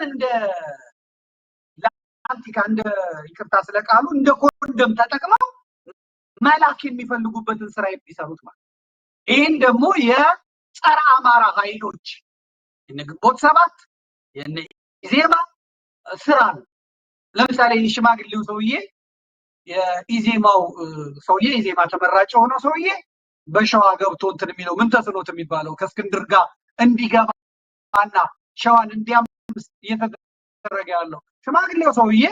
ራሳቸውን እንደ ላንቲካ እንደ ይቅርታ ስለቃሉ እንደ ኮንደም ተጠቅመው መላክ የሚፈልጉበትን ስራ የሚሰሩት ማለት ይህን ደግሞ የጸረ አማራ ኃይሎች የነ ግንቦት ሰባት የነ ኢዜማ ስራ ነው። ለምሳሌ ሽማግሌው ሰውዬ የኢዜማው ሰውዬ ኢዜማ ተመራጭ የሆነው ሰውዬ በሸዋ ገብቶ እንትን የሚለው ምን ተስኖት የሚባለው ከእስክንድር ጋር እንዲገባና ሸዋን እንዲያም እየተደረገ ያለው ሽማግሌው ሰውዬ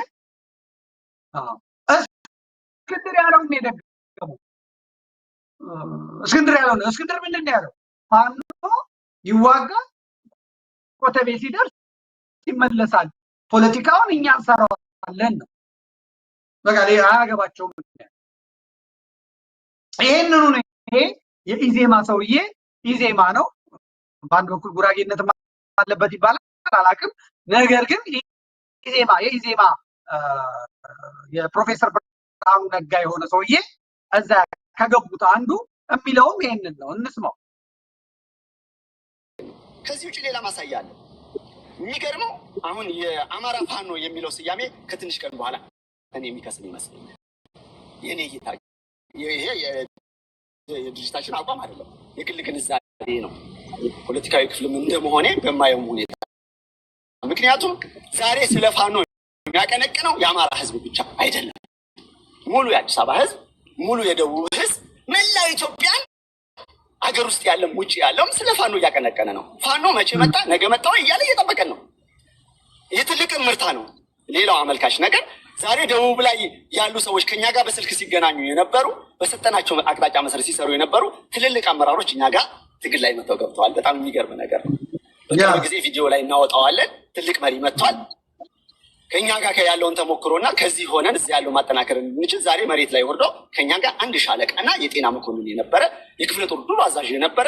እስክንድር ያለውን የደገሙ እስክንድር ያለውን እስክንድር ምንድን ነው ያለው? ፋኖ ይዋጋል፣ ኮተቤ ሲደርስ ይመለሳል፣ ፖለቲካውን እኛ እንሰራዋለን ነው በቃ አያገባቸውም። ይህንኑ ነው ይሄ የኢዜማ ሰውዬ ኢዜማ ነው። በአንድ በኩል ጉራጌነት አለበት ይባላል። አላውቅም። ነገር ግን ኢዜማ የኢዜማ የፕሮፌሰር ብርሃኑ ነጋ የሆነ ሰውዬ እዛ ከገቡት አንዱ የሚለውም ይህንን ነው። እንስማው። ከዚህ ውጭ ሌላ ማሳያ አለ። የሚገርመው አሁን የአማራ ፋኖ የሚለው ስያሜ ከትንሽ ቀን በኋላ እኔ የሚከስል ይመስለኛል። የእኔ እይታ ይሄ የድርጅታችን አቋም አይደለም፣ የግል ግንዛቤ ነው። ፖለቲካዊ ክፍልም እንደመሆኔ በማየው ሁኔታ ምክንያቱም ዛሬ ስለ ፋኖ የሚያቀነቅነው የአማራ ህዝብ ብቻ አይደለም። ሙሉ የአዲስ አበባ ህዝብ፣ ሙሉ የደቡብ ህዝብ፣ መላው ኢትዮጵያን አገር ውስጥ ያለም ውጭ ያለውም ስለ ፋኖ እያቀነቀነ ነው። ፋኖ መቼ መጣ ነገ መጣ እያለ እየጠበቀን ነው። ይህ ትልቅ ምርታ ነው። ሌላው አመልካች ነገር ዛሬ ደቡብ ላይ ያሉ ሰዎች ከኛ ጋር በስልክ ሲገናኙ የነበሩ በሰጠናቸው አቅጣጫ መሰረት ሲሰሩ የነበሩ ትልልቅ አመራሮች እኛ ጋር ትግል ላይ መተው ገብተዋል። በጣም የሚገርም ነገር ነው። በቅርብ ጊዜ ቪዲዮ ላይ እናወጣዋለን። ትልቅ መሪ መጥቷል። ከእኛ ጋር ያለውን ተሞክሮና ከዚህ ሆነን እዚህ ያለው ማጠናከር እንድንችል ዛሬ መሬት ላይ ወርዶ ከእኛ ጋር አንድ ሻለቃና የጤና መኮንን የነበረ የክፍለ ጦር ዱር አዛዥ የነበረ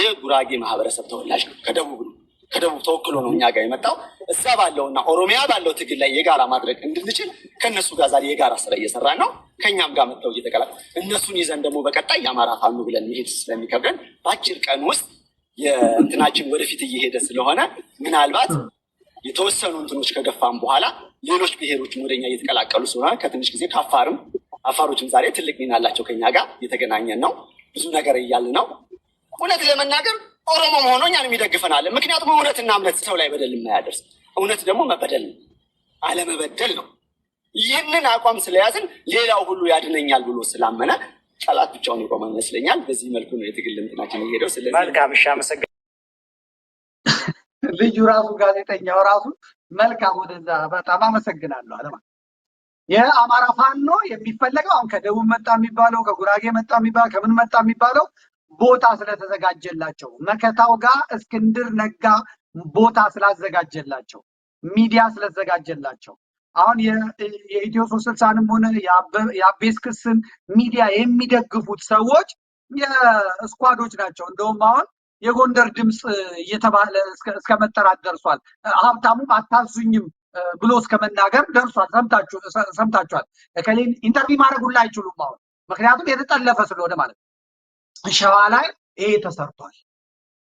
የጉራጌ ማህበረሰብ ተወላጅ ነው። ከደቡብ ነው። ከደቡብ ተወክሎ ነው እኛ ጋር የመጣው። እዛ ባለውና ኦሮሚያ ባለው ትግል ላይ የጋራ ማድረግ እንድንችል ከእነሱ ጋር ዛሬ የጋራ ስራ እየሰራ ነው። ከእኛም ጋር መጥተው እየተቀላ እነሱን ይዘን ደግሞ በቀጣይ የአማራ ፋኑ ብለን መሄድ ስለሚከብደን በአጭር ቀን ውስጥ የእንትናችን ወደፊት እየሄደ ስለሆነ ምናልባት የተወሰኑ እንትኖች ከገፋም በኋላ ሌሎች ብሄሮች ወደኛ እየተቀላቀሉ ስለሆነ ከትንሽ ጊዜ ከአፋርም አፋሮችም ዛሬ ትልቅ ሚና አላቸው። ከኛ ጋር እየተገናኘን ነው፣ ብዙ ነገር እያል ነው። እውነት ለመናገር ኦሮሞ መሆኖ እኛንም ይደግፈናለን። ምክንያቱም እውነትና እምነት ሰው ላይ በደል የማያደርስ እውነት ደግሞ መበደል ነው፣ አለመበደል ነው። ይህንን አቋም ስለያዝን ሌላው ሁሉ ያድነኛል ብሎ ስላመነ ጠላት ብቻውን የቆመ ይመስለኛል። በዚህ መልኩ ነው የትግል እንትናችን የሄደው። ስለዚህ መልካም እሺ፣ አመሰግናለሁ። ልዩ ራሱ ጋዜጠኛው ራሱ መልካም፣ ወደዛ በጣም አመሰግናለሁ። አለማ የአማራ ፋኖ የሚፈለገው አሁን ከደቡብ መጣ የሚባለው ከጉራጌ መጣ የሚባለው ከምን መጣ የሚባለው ቦታ ስለተዘጋጀላቸው መከታው ጋር እስክንድር ነጋ ቦታ ስላዘጋጀላቸው ሚዲያ ስለተዘጋጀላቸው አሁን የኢትዮ ሶስት ስልሳንም ሆነ የአቤስ ክስን ሚዲያ የሚደግፉት ሰዎች የስኳዶች ናቸው። እንደውም አሁን የጎንደር ድምፅ እየተባለ እስከ መጠራት ደርሷል። ሀብታሙም አታዙኝም ብሎ እስከ መናገር ደርሷል። ሰምታችኋል። እከሌን ኢንተርቪው ማድረግ ሁላ አይችሉም አሁን ምክንያቱም የተጠለፈ ስለሆነ ማለት ነው። ሸዋ ላይ ይሄ ተሰርቷል።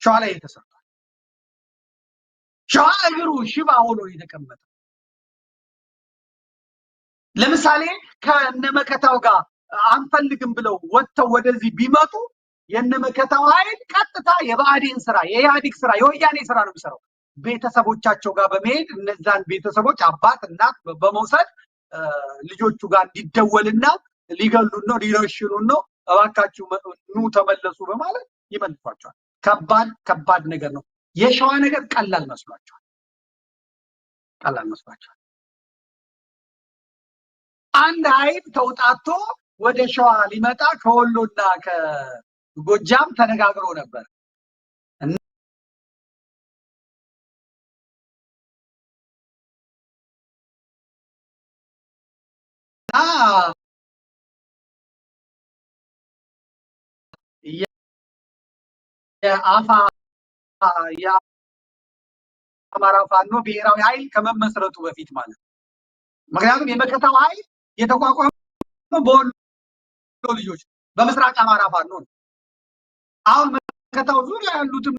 ሸዋ ላይ ይሄ ተሰርቷል። ሸዋ እግሩ ሽባ ሆኖ የተቀመጠ ለምሳሌ ከነመከታው ጋር አንፈልግም ብለው ወጥተው ወደዚህ ቢመጡ የነመከታው ኃይል ቀጥታ የብአዴን ስራ፣ የኢህአዴግ ስራ፣ የወያኔ ስራ ነው የሚሰራው። ቤተሰቦቻቸው ጋር በመሄድ እነዛን ቤተሰቦች አባት እናት በመውሰድ ልጆቹ ጋር እንዲደወልና ሊገሉን ነው ሊረሽኑን ነው እባካችሁ ኑ ተመለሱ በማለት ይመልሷቸዋል። ከባድ ከባድ ነገር ነው። የሸዋ ነገር ቀላል መስሏቸዋል። ቀላል መስሏቸዋል። አንድ ኃይል ተውጣቶ ወደ ሸዋ ሊመጣ ከወሎና ከጎጃም ተነጋግሮ ነበር። የአፋ የአማራ ፋኖ ብሔራዊ ኃይል ከመመስረቱ በፊት ማለት ነው። ምክንያቱም የመከታው ኃይል የተቋቋመ በወሎ ልጆች በምስራቅ አማራ ፋኖ ነው። አሁን መከታው ዙሪያ ያሉትም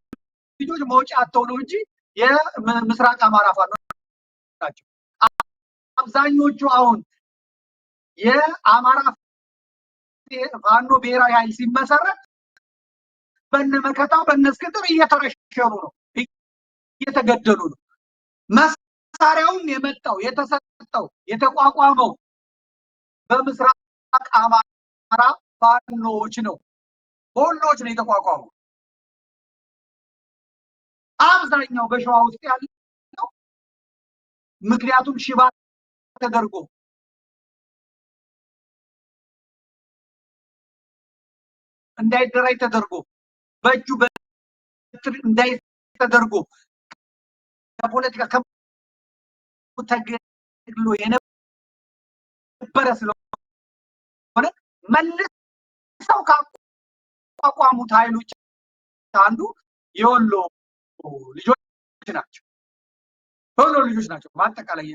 ልጆች መውጫ አተው ነው እንጂ የምስራቅ አማራ ፋኖ ናቸው። አብዛኞቹ አሁን የአማራ ፋኖ ብሔራዊ ኃይል ሲመሰረት በነ መከታው በነ እስክንድር እየተረሸኑ ነው፣ እየተገደሉ ነው። መሳሪያውም የመጣው የተሰጠው የተቋቋመው በምስራቅ አማራ ባኖች ነው፣ በወሎች ነው የተቋቋሙ። አብዛኛው በሸዋ ውስጥ ያለው ምክንያቱም ሽባ ተደርጎ እንዳይደራይ ተደርጎ በእጁ በትር እንዳይ ተደርጎ ከፖለቲካ ተገሎ የነበረ ስለ ሆነ መልሰው ካቋቋሙት ኃይሎች አንዱ የወሎ ልጆች ናቸው። የወሎ ልጆች ናቸው። በአጠቃላይ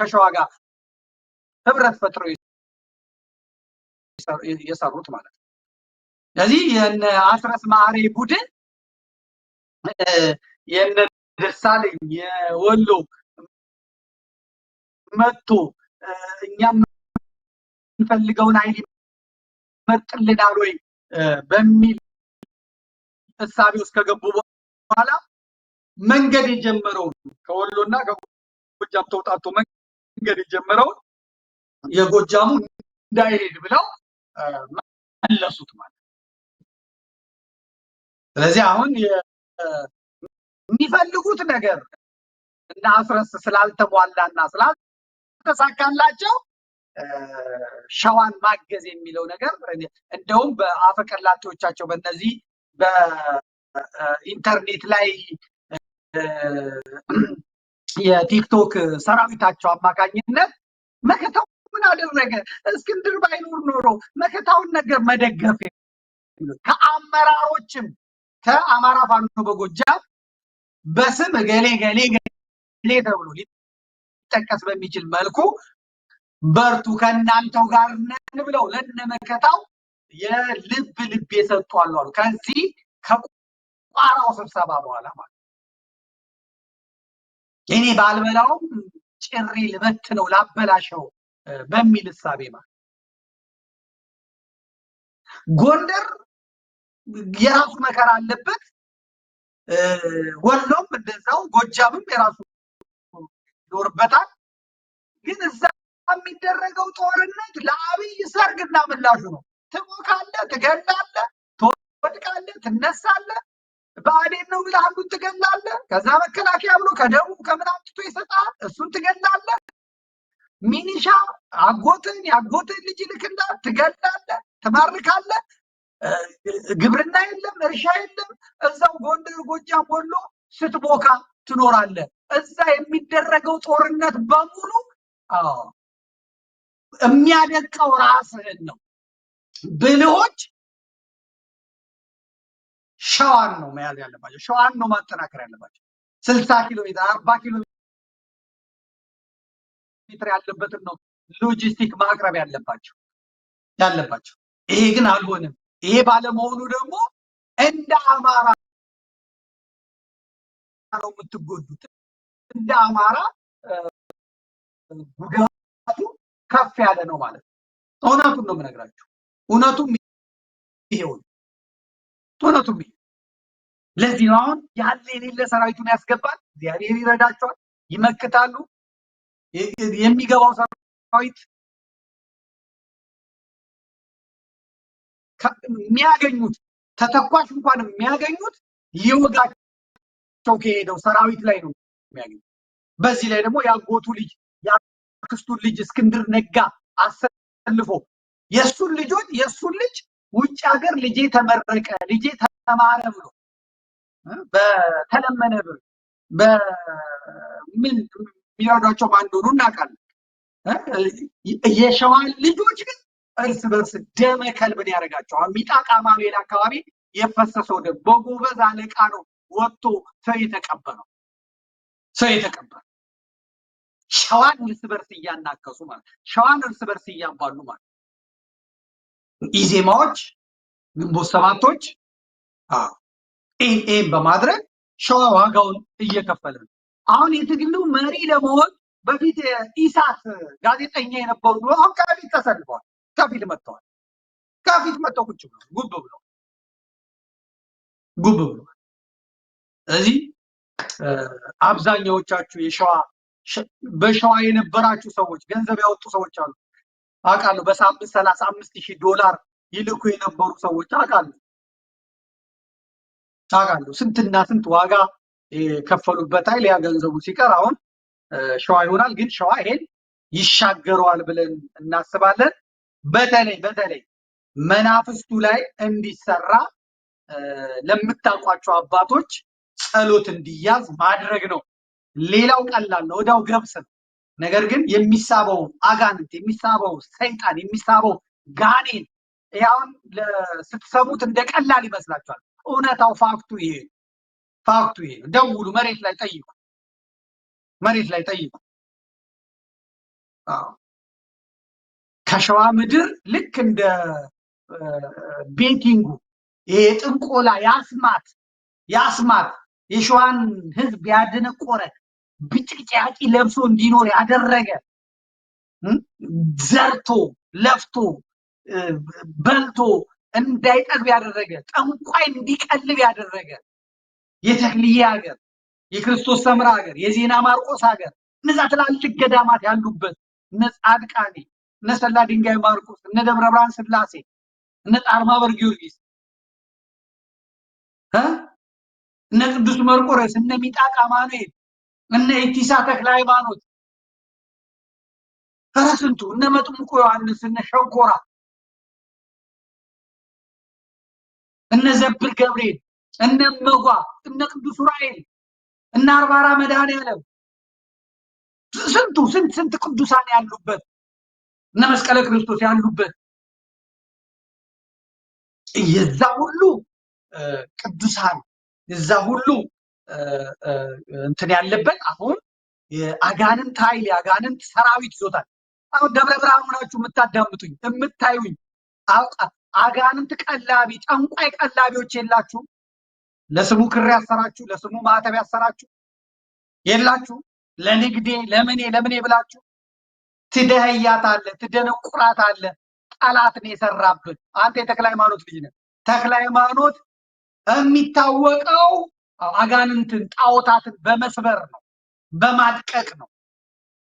ከሸዋ ጋር ህብረት ፈጥረው የሰሩት ማለት ነው። ስለዚህ የነ አስረስ ማሬ ቡድን የነ ደሳለኝ የወሎ መጥቶ እኛም የምንፈልገውን ኃይል ይመጥልናል ወይ በሚል እሳቤ ውስጥ ከገቡ በኋላ መንገድ የጀመረውን ከወሎና ከጎጃም ተውጣቶ መንገድ የጀመረውን የጎጃሙ እንዳይሄድ ብለው መለሱት ማለት ስለዚህ አሁን የሚፈልጉት ነገር እና አስረስ ስላልተሟላና ስላልተሳካላቸው ሸዋን ማገዝ የሚለው ነገር እንደውም በአፈቀላጤዎቻቸው በነዚህ በኢንተርኔት ላይ የቲክቶክ ሰራዊታቸው አማካኝነት መከታው ምን አደረገ? እስክንድር ባይኖር ኖሮ መከታውን ነገር መደገፍ ከአመራሮችም ከአማራ ፋኖ በጎጃ በስም ገሌ ገሌ ገሌ ተብሎ ሊጠቀስ በሚችል መልኩ በርቱ ከእናንተው ጋር ነን ብለው ለነመከታው የልብ ልብ የሰጡ አሉ አሉ። ከዚህ ከቋራው ስብሰባ በኋላ ማለት እኔ ባልበላውም ጭሪ ልበት ነው ላበላሸው በሚል እሳቤ ማለት ጎንደር የራሱ መከራ አለበት፣ ወሎም እንደዛው፣ ጎጃምም የራሱ ይኖርበታል ግን እዛ የሚደረገው ጦርነት ለአብይ ሰርግና ምላሹ ነው። ትቦካለ ትገላለ ትወድቃለ፣ ትነሳለ በአዴን ነው ብለህ አንዱን ከዛ መከላከያ ብሎ ከደቡብ ከምናምትቶ ትቶ ይሰጣል፣ እሱን ትገላለ። ሚኒሻ አጎትን የአጎትን ልጅ ልክና ትገላለ፣ ትማርካለህ። ግብርና የለም፣ እርሻ የለም። እዛው ጎንደር፣ ጎጃም፣ ወሎ ስትቦካ ትኖራለ እዛ የሚደረገው ጦርነት በሙሉ የሚያደቀው ራስህን ነው። ብልሆች ሸዋን ነው መያዝ ያለባቸው፣ ሸዋን ነው ማጠናከር ያለባቸው። ስልሳ ኪሎ ሜትር አርባ ኪሎ ሜትር ያለበትን ነው ሎጂስቲክ ማቅረብ ያለባቸው ያለባቸው። ይሄ ግን አልሆንም። ይሄ ባለመሆኑ ደግሞ እንደ አማራ ነው የምትጎዱት። እንደ አማራ ከፍ ያለ ነው ማለት ነው። እውነቱን ነው የምነግራችሁ። እውነቱም ይሄው እውነቱም ይሄ ለዚህ ነው አሁን ያለ የሌለ ሰራዊቱን ያስገባል። እግዚአብሔር ይረዳቸዋል፣ ይመክታሉ። የሚገባው ሰራዊት የሚያገኙት ተተኳሽ እንኳን የሚያገኙት ይወጋቸው ከሄደው ሰራዊት ላይ ነው የሚያገኙት። በዚህ ላይ ደግሞ የአጎቱ ልጅ የአክስቱን ልጅ እስክንድር ነጋ አሰልፎ የእሱን ልጆች የእሱን ልጅ ውጭ ሀገር ልጄ ተመረቀ ልጄ ተማረ ብሎ በተለመነ ብር በምን የሚረዷቸው ማን እንደሆኑ እናውቃለን። የሸዋን ልጆች ግን እርስ በርስ ደመ ከልብን ያደርጋቸዋል። ሚጣቃ ሌላ አካባቢ የፈሰሰው ደግሞ በጎበዝ አለቃ ነው ወጥቶ ሰው የተቀበለው ሰው የተቀበረው ሸዋን እርስ በርስ እያናከሱ ማለት ሸዋን እርስ በርስ እያባሉ ማለት ኢዜማዎች፣ ግንቦት ሰባቶች ኤንኤም በማድረግ ሸዋ ዋጋውን እየከፈለ ነው። አሁን የትግሉ መሪ ለመሆን በፊት ኢሳት ጋዜጠኛ የነበሩ ብሎ አሁን ከፊት ተሰልፈዋል። ከፊት መጥተዋል። ከፊት መጥተው ቁጭ ብሎ ጉብ ብሎ ጉብ ብሎ እዚህ አብዛኛዎቻችሁ የሸዋ በሸዋ የነበራችሁ ሰዎች ገንዘብ ያወጡ ሰዎች አሉ አውቃለሁ። በሳምንት ሰላሳ አምስት ሺህ ዶላር ይልኩ የነበሩ ሰዎች አውቃለሁ አውቃለሁ። ስንትና ስንት ዋጋ የከፈሉበት ኃይል ያ ገንዘቡ ሲቀር አሁን ሸዋ ይሆናል። ግን ሸዋ ይሄን ይሻገረዋል ብለን እናስባለን። በተለይ በተለይ መናፍስቱ ላይ እንዲሰራ ለምታውቋቸው አባቶች ጸሎት እንዲያዝ ማድረግ ነው። ሌላው ቀላል ነው፣ ወዲያው ገብስ ነው። ነገር ግን የሚሳበው አጋንንት፣ የሚሳበው ሰይጣን፣ የሚሳበው ጋኔን ያሁን ስትሰሙት እንደ ቀላል ይመስላችኋል። እውነታው ፋክቱ ይሄ ፋክቱ ይሄ። ደውሉ፣ መሬት ላይ ጠይቁ፣ መሬት ላይ ጠይቁ። ከሸዋ ምድር ልክ እንደ ቤቲንጉ ይሄ የጥንቆላ የአስማት የአስማት የሸዋን ሕዝብ ያደነቆረ ብጭቅጫቂ ለብሶ እንዲኖር ያደረገ ዘርቶ ለፍቶ በልቶ እንዳይጠግብ ያደረገ ጠንቋይ እንዲቀልብ ያደረገ የተክልዬ ሀገር፣ የክርስቶስ ሰምራ ሀገር፣ የዜና ማርቆስ ሀገር እነዛ ትላልቅ ገዳማት ያሉበት እነ ጻድቃኔ፣ እነ ሰላ ድንጋይ ማርቆስ፣ እነ ደብረ ብርሃን ስላሴ፣ እነ ጣርማበር ጊዮርጊስ፣ እነ ቅዱስ መርቆሬዎስ፣ እነ ሚጣቃ ማኑኤል እነ ኢቲሳ ተክለ ሃይማኖት ኧረ ስንቱ እነ መጥምቁ ዮሐንስ እነ ሸንኮራ እነ ዘብር ገብርኤል እነ መጓ እነ ቅዱስ ዑራኤል እነ አርባራ መድኃኔዓለም ስንቱ ስንት ስንት ቅዱሳን ያሉበት እነ መስቀለ ክርስቶስ ያሉበት የዛ ሁሉ ቅዱሳን የዛ ሁሉ እንትን ያለበት አሁን የአጋንንት ኃይል የአጋንንት ሰራዊት ይዞታል። አሁን ደብረ ብርሃን ሆናችሁ የምታዳምጡኝ የምታዩኝ አጋንንት ቀላቢ ጠንቋይ ቀላቢዎች የላችሁ? ለስሙ ክር ያሰራችሁ፣ ለስሙ ማዕተብ ያሰራችሁ የላችሁ? ለንግዴ ለምኔ ለምኔ ብላችሁ ትደህያት አለ ትደነቁራት አለ ጠላት ነው የሰራብን። አንተ የተክለ ሃይማኖት ልጅ ነህ። ተክለ ሃይማኖት የሚታወቀው አጋንንትን ጣዖታትን በመስበር ነው፣ በማድቀቅ ነው።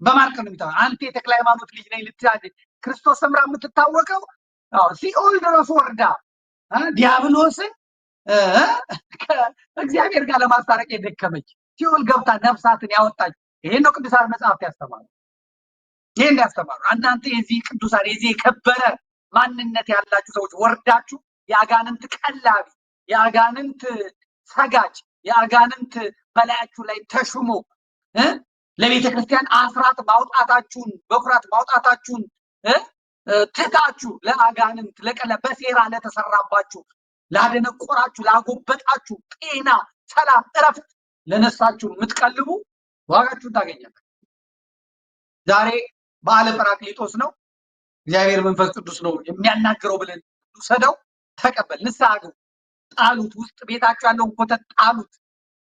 በማድቀቅ ነው የሚታ አንተ የተክለ ሃይማኖት ልጅ ነኝ ልትያዝ ክርስቶስ ሰምራ የምትታወቀው ሲኦል ድረስ ወርዳ ዲያብሎስን ከእግዚአብሔር ጋር ለማስታረቅ የደከመች ሲኦል ገብታ ነፍሳትን ያወጣች። ይሄን ነው ቅዱሳን መጽሐፍት ያስተማሩ። ይሄ እንዳያስተማሩ እናንተ የዚህ ቅዱሳን የዚህ የከበረ ማንነት ያላችሁ ሰዎች ወርዳችሁ የአጋንንት ቀላቢ የአጋንንት ሰጋጅ የአጋንንት በላያችሁ ላይ ተሹሞ ለቤተ ክርስቲያን አስራት ማውጣታችሁን በኩራት ማውጣታችሁን ትታችሁ ለአጋንንት ለቀለ በሴራ ለተሰራባችሁ ላደነቆራችሁ ላጎበጣችሁ ጤና፣ ሰላም፣ እረፍት ለነሳችሁ የምትቀልቡ ዋጋችሁን ታገኛል። ዛሬ በዓለ ጰራቅሊጦስ ነው። እግዚአብሔር መንፈስ ቅዱስ ነው የሚያናግረው ብለን ሰደው ተቀበል ንስሐ ግቡ። ጣሉት። ውስጥ ቤታችሁ ያለውን ኮተት ጣሉት።